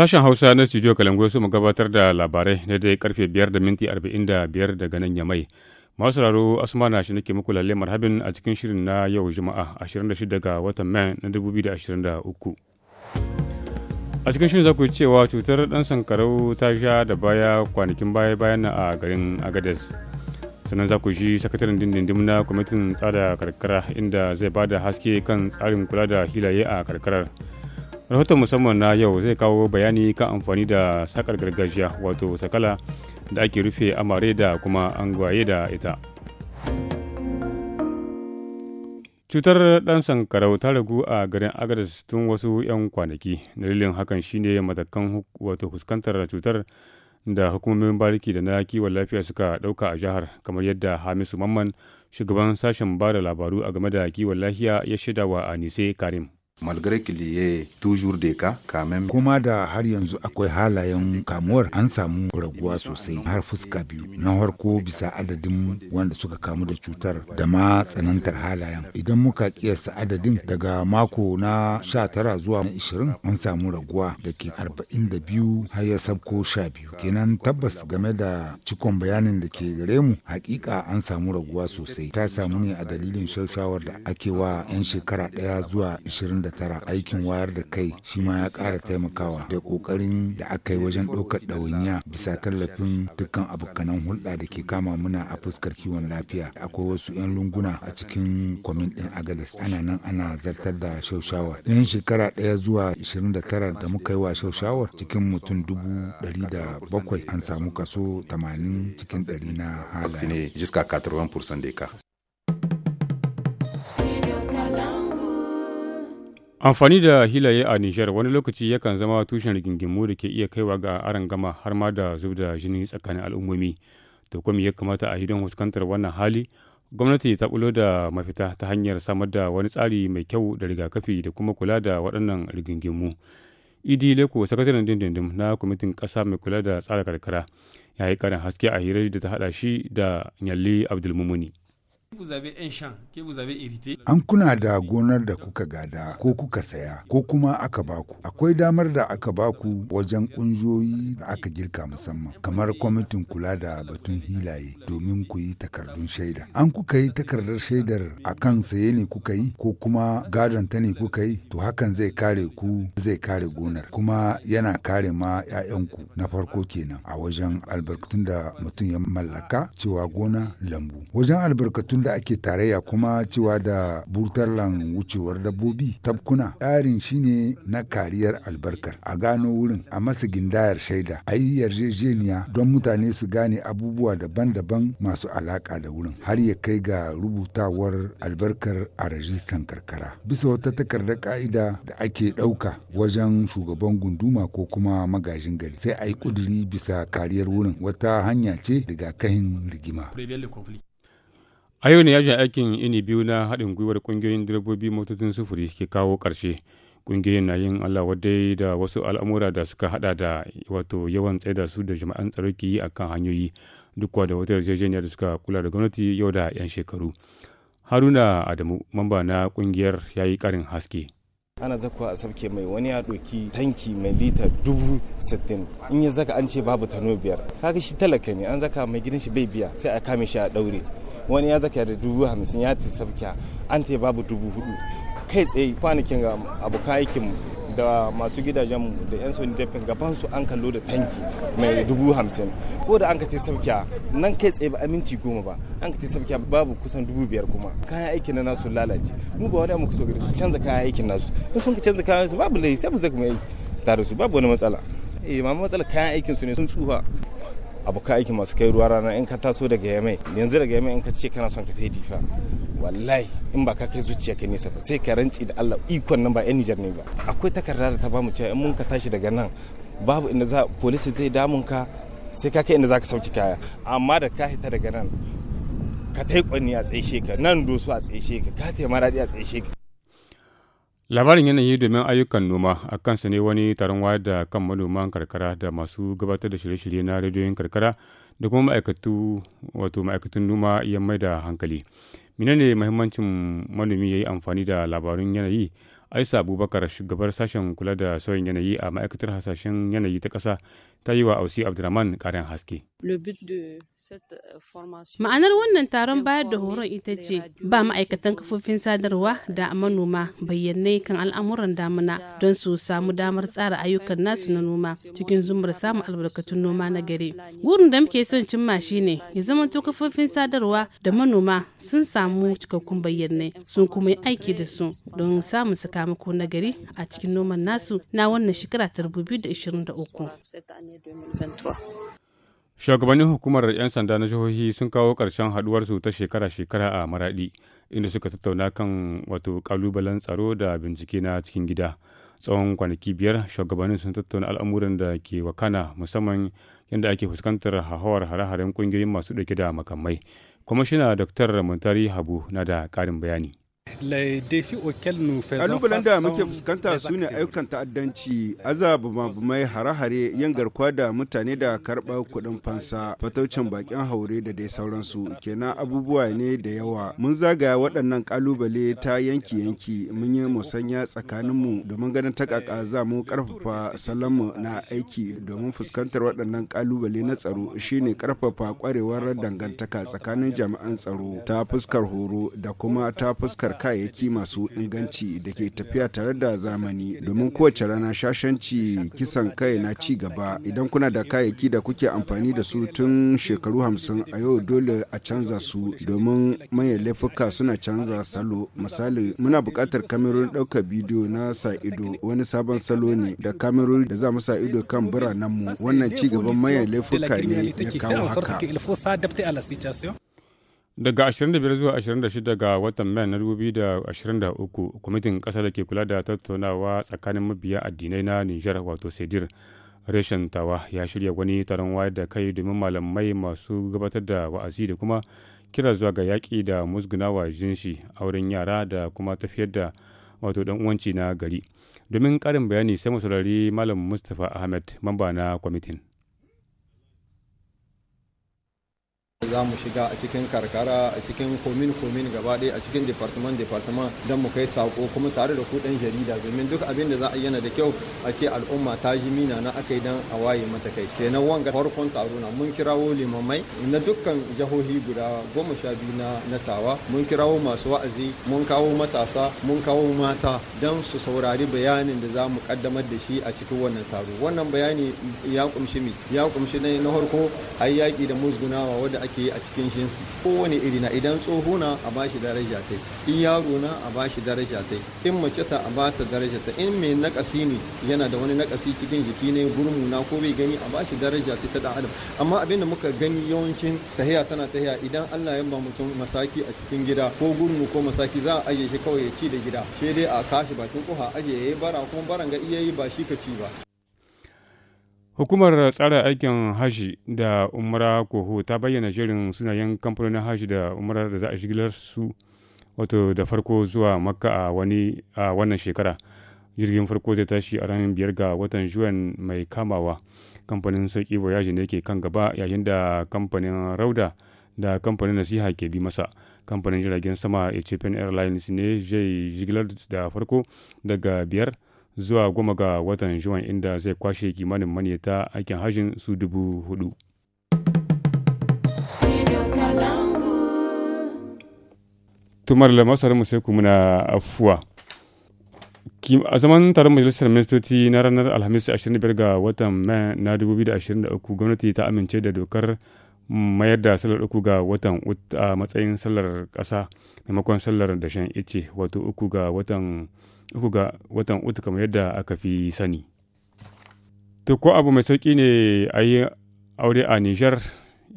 Sashen Hausa na Studio Kalangoyo su gabatar da labarai na dai karfe 5 da minti 45 daga nan Yamai. Masu sauraro Asmana shi nake muku lalle marhabin a cikin shirin na yau Juma'a 26 ga watan Mai na 2023. A cikin shirin za ku cewa cutar ɗan sankarau ta sha da baya kwanakin baya bayan a garin Agades. sannan za ku ji sakataren dindindin na kwamitin tsada karkara inda zai ba da haske kan tsarin kula da hilaye a karkarar. rahoton musamman na yau zai kawo bayani kan amfani da sakar gargajiya wato sakala da ake rufe amare da kuma angwaye da ita cutar ɗan sankarau ta ragu a garin agadas tun wasu 'yan kwanaki dalilin hakan shine matakan wato fuskantar cutar da hukumomin bariki da na kiwon lafiya suka ɗauka a jihar kamar yadda hamisu mamman shugaban sashen ba da labaru a game da kiwon lafiya ya shaidawa nise karim malgré qu'il y ait toujours des cas quand même kuma da har yanzu akwai halayen kamuwar an samu raguwa sosai har fuska biyu na harko bisa adadin wanda suka kamu da cutar da ma tsanantar halayen idan muka kiyasta adadin daga mako na 19 zuwa 20 an samu raguwa da ke 42 har ya sabko 12 kenan tabbas game da cikon bayanin da ke gare mu hakika an samu raguwa sosai ta samu ne a dalilin shawar da ake wa 'yan shekara daya zuwa 20 tara aikin wayar da kai shi ma ya kara taimakawa da ƙoƙarin da aka yi wajen ɗaukar ɗawainiya bisa tallafin dukkan abokanan hulɗa da ke kama muna a fuskar kiwon lafiya akwai wasu 'yan lunguna a cikin kwamin ɗin agadas ana nan ana zartar da shaushawar ɗin shekara ɗaya zuwa 29 da muka yi wa shaushawar cikin mutum dubu ɗari da bakwai an samu kaso tamanin cikin ɗari na halaye. Amfani da hilaye a Nijar wani lokaci yakan zama tushen rigingimu da ke iya kaiwa ga aron gama har ma da zub da jini tsakanin al'ummomi. To kuma ya kamata a yi don fuskantar wannan hali, gwamnati ta bulo da mafita ta hanyar samar da wani tsari mai kyau da rigakafi da kuma kula da waɗannan rigingimu. Idi Leko, sakataren dindindim na kwamitin ƙasa mai kula da tsara karkara, ya yi haske a hirar da ta haɗa shi da Nyalli Abdulmumuni. An kuna da gonar da kuka gada ko kuka saya ko kuma aka baku. Akwai damar da aka baku wajen ƙungiyoyi da aka girka musamman kamar kwamitin kula da batun hilaye domin ku yi takardun shaida. An kuka yi takardar shaidar a kan saye ne kuka yi ko kuma gadon ta ne kuka yi to hakan zai kare ku zai kare gonar kuma yana kare ma 'ya'yanku na farko kenan a wajen albarkatun da mutum ya mallaka cewa gona lambu. Wajen albarkatun tunda ake tarayya kuma cewa da burtarlan wucewar dabbobi tabkuna tsarin shine na kariyar albarkar a gano wurin a masa gindayar shaida a yi yarjejeniya don mutane su gane abubuwa daban-daban masu alaka da wurin har ya kai ga rubutawar albarkar a rajistan karkara bisa wata takardar ka'ida da ake ɗauka wajen shugaban gunduma ko kuma magajin gari sai a yi ƙuduri bisa kariyar wurin wata hanya ce rigakafin rigima A yau ne yajin aikin ini biyu na haɗin gwiwar ƙungiyoyin direbobi motocin sufuri ke kawo ƙarshe. Ƙungiyoyin na yin Allah wadai da wasu al'amura da suka hada da wato yawan da su da jama'an tsaro ke yi a kan hanyoyi duk da wata yarjejeniya da suka kula da gwamnati yau da 'yan shekaru. Haruna Adamu, mamba na ƙungiyar ya yi ƙarin haske. ana zakwa a sabke mai wani ya ɗauki tanki mai lita dubu sittin in ya zaka an ce babu tano biyar kaga shi talaka ne an zaka mai gidan shi bai biya sai a kame shi a ɗaure wani ya zaka da dubu hamsin ya tisabkiya an ta babu dubu hudu kai tsaye kwanakin ga abokan aikin da masu mu da 'yan sojin jefin gaban su an kallo da tanki mai dubu hamsin ko da an ka saukiya nan kai tsaye ba aminci goma ba an ka saukiya babu kusan dubu biyar kuma kayan aikin na nasu lalace mu ba wani muka so gari su canza kayan aikin nasu in sun ka canza kayan su babu lai sai mu zaka yi tare su babu wani matsala eh ma matsala kayan aikin su ne sun tsufa abokan aiki masu kai ruwa rana in ka taso daga yamai yanzu daga yamai in ka ce kana son ka ta difa wallahi in ba ka kai zuciya ka nisa ba sai ka ranci da Allah ikon nan ba yan Nijar ne ba akwai takarda da ta bamu cewa in mun ka tashi daga nan babu inda za polisi zai damun ka sai ka kai inda za ka sauki kaya amma da ka hita daga nan ka ta yi kwanni a tsaye ka nan dosu a tsaye ka ka ta yi maradi a tsaye ka Labarin yanayi domin ayyukan noma a kansa ne wani taron wayar da kan manoman karkara da masu gabatar da shirye-shirye na rediyoyin karkara da kuma ma'aikatu wato ma'aikatun noma ya mai da hankali. ne mahimmancin manomi ya yi amfani da labarun yanayi aisa abubakar shugabar sashen kula da sauyin yanayi a ma'aikatar hasashen yanayi ta ƙasa ta yi wa ausi abdulrahman ƙarin haske euh, ma'anar wannan taron bayar da horon ita ce ba ma'aikatan kafofin sadarwa da manoma bayyanai kan al'amuran damuna don su samu damar tsara ayyukan nasu na noma cikin zumar samun albarkatun noma na gari gurin da muke son cimma shine ya zama to kafofin sadarwa da manoma sun samu cikakkun bayyanai sun kuma yi aiki da su don samun saka sakamako na gari a cikin noman nasu na wannan shekara ta 2023. Shugabannin hukumar 'yan sanda na jihohi sun kawo ƙarshen haɗuwarsu ta shekara-shekara a Maraɗi, inda suka tattauna kan wato ƙalubalen tsaro da bincike na cikin gida. Tsawon kwanaki biyar, shugabannin sun tattauna al'amuran da ke wakana musamman yadda ake fuskantar hahawar hare-haren ƙungiyoyin masu ɗauke da makamai. Kwamishina Dr. Muntari Habu na da ƙarin bayani. Kalubalen da muke fuskanta su ne ayyukan ta'addanci, azabu mabumai hare-hare 'yan garkuwa da mutane da karɓar kuɗin fansa, fataucin bakin haure da dai sauransu. Kenan abubuwa ne da yawa. Mun zagaya waɗannan ƙalubale ta yanki-yanki mun yi musanya tsakaninmu domin ganin takaka za mu ƙarfafa salamu na aiki domin fuskantar waɗannan ƙalubale na tsaro shine ƙarfafa ƙwarewar dangantaka tsakanin jami'an tsaro ta fuskar horo da kuma ta fuskar mallakar kayayyaki masu inganci da ke tafiya tare da zamani domin kowace rana shashanci kisan kai na ci gaba idan kuna da kayayyaki da kuke amfani da su tun shekaru hamsin a yau dole a canza su domin manyan laifuka suna canza salo misali muna buƙatar kamerun ɗaukar bidiyo na sa ido wani sabon salo ne da kamerun da za mu sa ido kan biranenmu wannan ci gaban manyan laifuka ne ya kawo haka daga 25 zuwa 26 ga watan mai na 2023 kwamitin ƙasar da ke kula da tattaunawa tsakanin mabiya addinai na nijar wato sedir reshen tawa ya shirya wani taron wayar da kai domin malamai masu gabatar da wa'azi da kuma kira zuwa ga yaƙi da musgunawa jinshi auren yara da kuma tafiyar da wato dan uwanci na gari domin ƙarin bayani sai mu saurari malam mustapha ahmed mamba na kwamitin za mu shiga a cikin karkara a cikin komin komin gaba ɗaya a cikin department department don mu kai sako kuma tare da kuɗin jarida domin duk abin da za a yana da kyau a ce al'umma ta ji mina na aka yi dan a waye mata kai kenan wanga farkon taro na mun kirawo limamai na dukkan jihohi guda goma sha biyu na natawa mun kirawo masu wa'azi mun kawo matasa mun kawo mata don su saurari bayanin da za mu kaddamar da shi a cikin wannan taro wannan bayani ya kumshi mi ya kumshi na farko ai yaƙi da musgunawa wadda ake ke a cikin jinsi kowane iri na idan tsoho na a bashi daraja ta in yaro na a bashi daraja ta in mace ta a bata daraja ta in mai nakasi ne yana da wani nakasi cikin jiki ne gurmu na ko bai gani a bashi daraja ta da adam amma abinda muka gani yawancin tahiya tana tahiya idan Allah ya ba mutum masaki a cikin gida ko gurmu ko masaki za a aje shi kawai ya ci da gida sai dai a kashi bakin koha aje yayi bara kuma baran ga iyayi ba shi ka ci ba Hukumar tsara aikin Hajji da umara Koho ta bayyana jerin sunayen kamfanonin Hajji da umara da za a shigilar su wato da farko zuwa Makka a wani a wannan shekara. Jirgin farko zai tashi a ranar biyar ga watan Juwan mai kamawa. Kamfanin Sauki Voyage ne ke kan gaba yayin da kamfanin Rauda da kamfanin Nasiha ke bi masa. Kamfanin jiragen sama Ethiopian Airlines ne zai jigilar da farko daga biyar zuwa goma ga watan juwan inda zai kwashe kimanin manyata aikin hajjin su dubu hudu. tumar da masu mu sai na afuwa a zaman taron majalisar ministoci na ranar alhamis 25 ga watan mai na 2023 gwamnati ta amince da dokar mayar da sallar uku ga watan a matsayin sallar kasa maimakon sallar dashen ice wato uku ga watan uku ga watan uku kamar yadda aka fi sani to ko abu mai sauƙi ne a yi aure a niger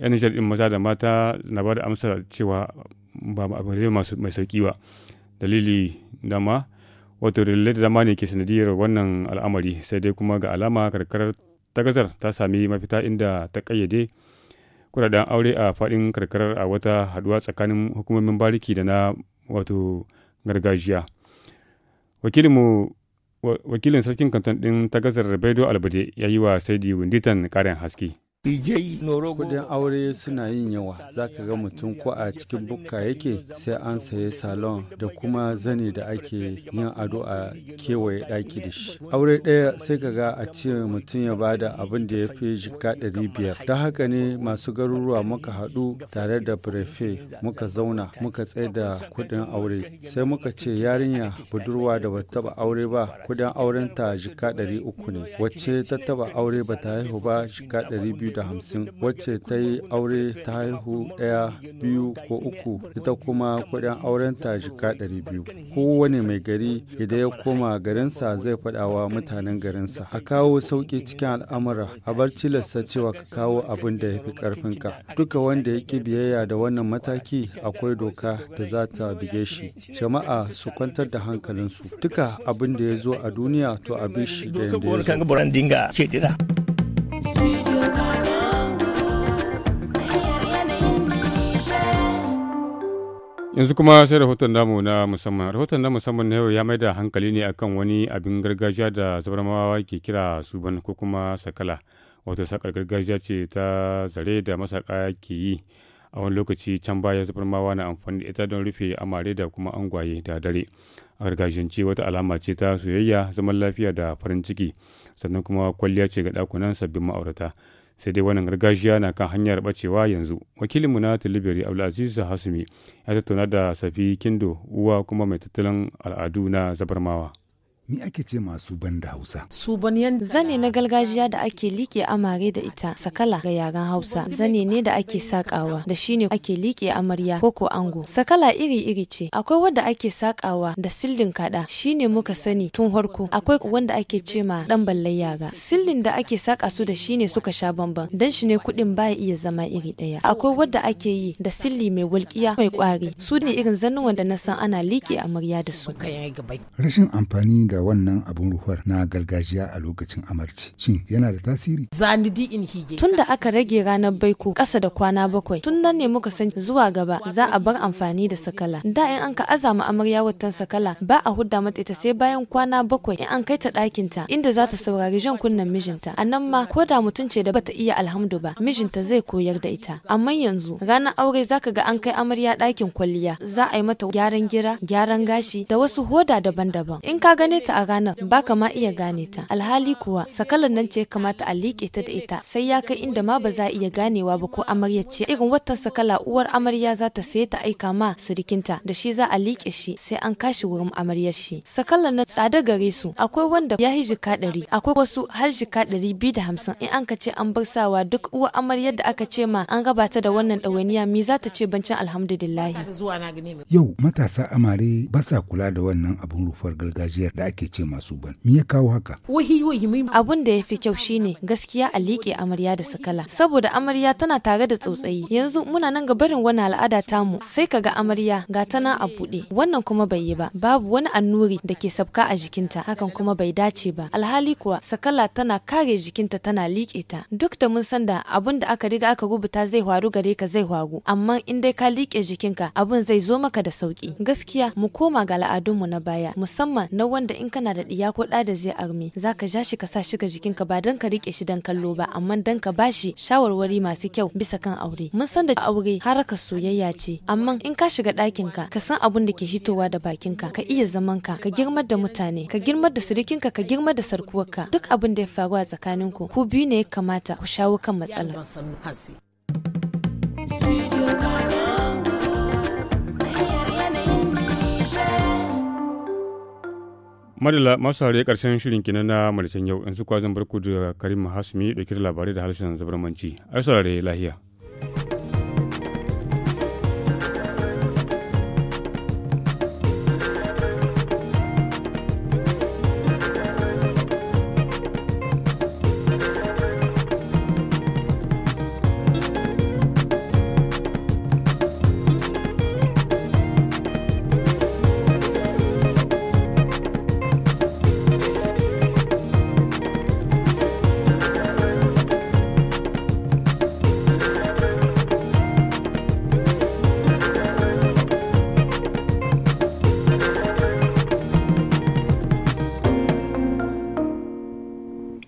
yan niger ɗin maza da mata na ba da amsar cewa ba abu ne mai sauƙi ba dalili dama wato dalilai da dama ne ke sanadiyar wannan al'amari sai dai kuma ga alama karkarar ta gazar ta sami mafita inda ta ƙayyade kudaden aure a faɗin karkarar a wata haɗuwa tsakanin hukumomin bariki da na wato gargajiya wakilin sarkin kanton ɗin ta gasar baido albade ya yi wa saidi winditan ƙarin haske Kudin aure suna yin yawa, za ka ga mutum ko a cikin bukka yake sai an saye salon da kuma zane da ake yin ado a kewaye ɗaki da shi. Aure ɗaya sai ka ga a ce mutum ya bada abin da ya fi jika ɗari biyar. Ta haka ne masu garuruwa muka haɗu tare da prefe muka zauna muka tsaye da kudin aure. Sai muka ce yarinya budurwa da bata taba aure ba kudin aurenta jika ɗari uku ne. Wacce ta taba aure bata haihu ba jika ɗari biyu hamsin wacce ta yi aure ta haihu ɗaya biyu ko uku ita kuma kuɗin aurenta shika ɗari biyu kowane mai gari idan ya koma garinsa zai faɗawa mutanen garinsa a kawo sauƙi cikin al'amura a bar tilasta cewa ka kawo abin da ya fi ƙarfinka duka wanda ya ƙi biyayya da wannan mataki akwai doka da za ta bige shi jama'a su kwantar da hankalinsu duka abin da ya zo a duniya to abin shi da yanda ya zo yanzu kuma sai rahoton namu na musamman rahoton na musamman na yau ya maida da hankali ne akan wani abin gargajiya da zabarmawa ke kira suban ko kuma sakala wato sakar gargajiya ce ta zare da masaka ke yi a wani lokaci can baya zabarmawa na amfani da ita don rufe amare da kuma angwaye da dare a gargajiyance wata alama ce ta soyayya zaman lafiya da farin ciki sannan kuma kwalliya ce ga dakunan sabbin ma'aurata sai dai wannan gargajiya na kan hanyar bacewa yanzu wakilinmu na tilibiri abdulaziz hasumi ya tattauna da safi kindo uwa kuma mai tattalin al'adu na zabarmawa Ni ake ce masu ban da Hausa? zane na gargajiya da ake liƙe amare da ita sakala ga yaren Hausa zane ne da ake sakawa da shine ake liƙe amarya ko ko ango. Sakala iri-iri ce akwai wadda ake sakawa da sildin kada shine muka sani tun harko akwai wanda ake ce ma dan ballai yaga. Sildin da ake saka su da shine suka sha bamban dan shi ne kuɗin ba iya zama iri ɗaya. Akwai wadda ake yi da silli mai walƙiya mai ƙwari su ne irin zannuwan da na san ana liƙe amarya da su. Rashin amfani ga wannan abun ruhuwar na gargajiya a lokacin amarci shin yana da tasiri tun da aka rage ranar baiko kasa da kwana bakwai tun nan ne muka san zuwa gaba za a bar amfani da sakala da in an ka azama amarya watan sakala ba a hudda mata ita sai bayan kwana bakwai in an kai ta ɗakin ta inda za ta saurari jan kunnen mijinta a nan ma ko da mutum ce da bata iya alhamdu ba mijinta zai koyar da ita amma yanzu ranar aure zaka ga an kai amarya ɗakin kwalliya za a yi mata gyaran gira gyaran gashi da wasu hoda daban-daban in ka gane ta a ranar ka ma iya gane ta alhali kuwa sakalar nan ce ya kamata a liƙe ta da ita sai ya kai inda ma ba za a iya ganewa ba ko amarya ce irin wata sakala uwar amarya za ta sai ta aika ma sirikinta da shi za a liƙe shi sai an kashi wurin amaryar shi sakalar nan tsada gare su akwai wanda ya yi jika ɗari akwai wasu har jika ɗari biyu da hamsin in an ka ce an bar sawa duk uwar amaryar da aka ce ma an ta da wannan ɗawainiya mi za ta ce bancin alhamdulillahi yau matasa amare ba sa kula da wannan abun rufar gargajiyar da ake ce masu ban me ya kawo haka abun da ya fi kyau shine gaskiya a liƙe amarya da sakala saboda amarya tana tare da tsautsayi yanzu muna nan ga barin wani al'ada tamu sai ka ga amarya ga tana a buɗe wannan kuma bai yi ba babu wani annuri da ke sabka a jikinta hakan kuma bai dace ba alhali kuwa sakala tana kare jikinta tana liƙe ta duk da mun san da abun da aka riga aka rubuta zai faru gare ka zai faru amma in dai ka liƙe jikinka abun zai zo maka da sauki gaskiya mu koma ga al'adunmu na baya musamman na wanda in kana da ɗiya ko ɗa da zai armi. zaka ka ja shi ka sa shi ga jikinka ba dan ka rike shi don kallo ba amma dan ka ba shi shawarwari masu kyau bisa kan aure. Mun san da aure haraka soyayya ce amma in ka shiga ɗakin ka ka san abun da ke hitowa da bakinka ka iya zamanka ka girmar da mutane ka girmar da sirikinka ka girmar da sarkuwarka duk abin da ya faru a tsakanin ku ku biyu ne ya kamata ku shawo kan matsalar. Studio madalla masu haure karshen shirin kina na malishin yau in su kwazan barku da karim hasumi dauke da labarai da harshen zabarmanci ai saurare lahiya